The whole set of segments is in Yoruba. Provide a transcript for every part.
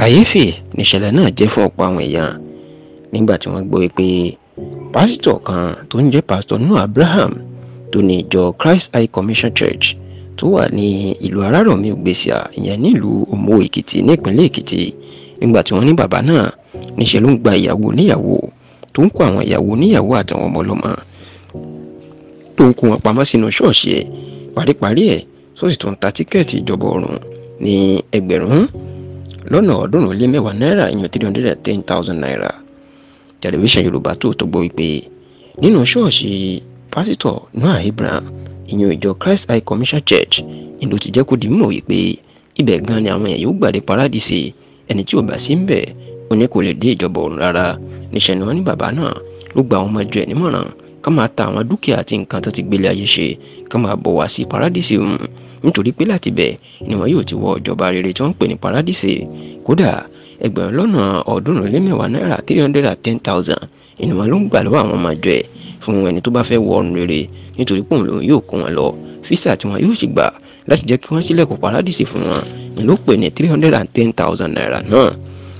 kàyéfì níṣẹ̀lẹ̀ náà jẹ́ fún ọ̀pọ̀ àwọn èèyàn nígbà tí wọ́n gbọ́ pé pásítọ̀ kan tó ń jẹ́ pásítọ̀ Noah Abraham tó ní ìjọ Christ High Commission Church tó wà ní ìlú Arárọ̀mí Ògbésìà ìyẹn nílùú Òmò Èkìtì nípínlẹ̀ Èkìtì nígbà tí wọ́n ní bàbá náà níṣẹ́ ló ń gba ìyàwó níyàwó tó ń kó àwọn ìyàwó níyàwó àtàwọn ọmọ ọlọ́mọ tó ń kó wọn pamọ́ sínú ṣọ́ọ̀ṣì ẹ̀ paríparí ẹ̀ tó sì ta tíkẹ́ẹ̀tì ìjọba ọ̀run ní ẹgbẹ̀rún lọ́nà ọ̀ọ́dúnrún lé mẹ́wàá náírà ìyẹn three hundred and ten thousand naira tẹlifíṣàn yorùbá tó tó gbọ́ wípé nínú ṣọ́ọ̀ṣì pásítọ̀ noah abraham ìyẹn ìjọ christ high commercial church ìlú ti jẹ́ kó di mímọ̀ wípé ibẹ̀ gan ni àwọn èèyàn yóò gbàdé paradíṣe ẹni tí ò bá sí ń bẹ̀ ó ní kò lè dé ìjọba ọ̀run rárá níṣẹ́ ni wọ́n ní bàbá náà ló gba àwọn ọmọ ẹjọ́ ẹ̀ nímọ̀ràn ká máa ta àwọn dúkìá àti nǹkan tó ti gbélé ayé ṣe ká máa bọ̀ wá sí paradíṣe ọ̀hún nítorí pé láti bẹ̀ ni wọn yóò ti wọ ìjọba rere tí wọ́n ń pè ní paradíṣe kódà ẹgbẹ̀rún lọ́nà ọ̀ọ́dúnrún lé mẹ́wàá náírà three hundred and ten thousand ènìyàn ló ń gbà lọ́wọ́ àwọn ọmọ àjọ ẹ̀ fún ẹni tó bá fẹ́ wọ ọ̀run rere nítorí pòun lòun yóò kó wọn lọ físà tí wọn yóò sì gbà láti jẹ́ kí wọ́n sílẹ̀kùn paradíṣe fún wọn ni ló pè ní three hundred and ten thousand naira náà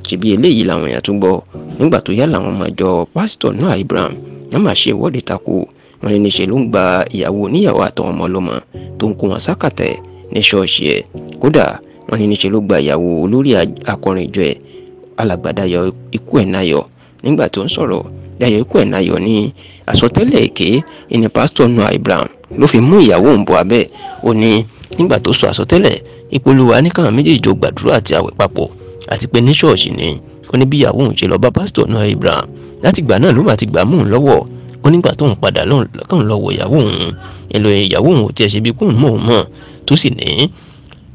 ṣebí eléyìí làwọn èèyàn tún gbọ́ nígbà tó yá làwọn ọmọ àjọ pásítọ̀ náà Ibrahim wọn máa ṣe ìwọ́de tako wọn ní ṣe ló ń gba ìyàwó oníyàwó àtọwọn ọmọ ọlọ́mọ tó ń kó wọn sákàtẹ̀ ní ṣọ́ọ̀ṣì ẹ̀ kódà wọn ní ṣe ló gba ìyàwó olórí akọrin ìjọ ẹ̀ alàgbà Dayọ̀ ikú ẹ̀ náyọ̀ nígbà tó ń sọ̀rọ̀ Dayọ̀ ikú ẹ̀ náyọ̀ ní àsọtẹ́lẹ̀ èké ìní pásítọ̀ Noah Abraham ló fi mú ìyàwó òun bọ̀ abẹ́ ó ní nígbà tó sọ àsọtẹ́lẹ̀ ìpolówó aníkàwọn méjèèjì jọ gbàdúrà àti àwẹ̀ papọ̀ àti pé ní ṣọ́ọ̀ṣì ni ó ní bí ìyàwó òun ṣe lọ bá pásítọ̀ Noah Abraham látìgbà náà ló mà ti gbà mú un lọ́wọ́ ó nígbà tóun padà lọ́kàn lọ wọ ìyàwó òun ẹ̀lò ìyàwó òun ò tiẹ̀ ṣe bí kóun mọ̀ òun mọ̀ tó sì ní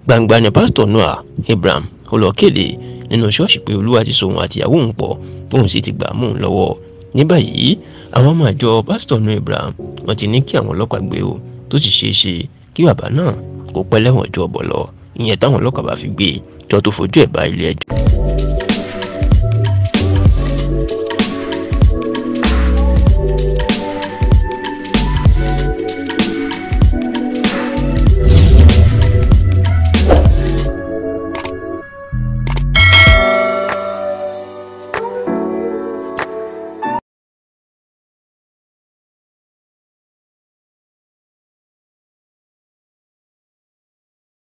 gbangba ni pásítọ̀ noah abraham ó lọ kéde nínú ṣọ́ọ̀ṣì pé olúwa ti so òun àti ìyàwó òun pọ̀ bóun sì ti gbà mú òun lọ́wọ́ ní báyìí àwọn ọmọ àjọ pásítọ̀ noah abraham wọ́n ti ní kí àwọn ọlọ́pàá gbé o tó sì ṣeé ṣe kí bàbá náà kó pẹ́ lẹ́wọ̀n ju ọ̀bọ̀ lọ ìyẹn táwọn ọlọ́pàá bá fi gbé e jọ tó fojú ẹ̀ bá ilé ẹjọ́.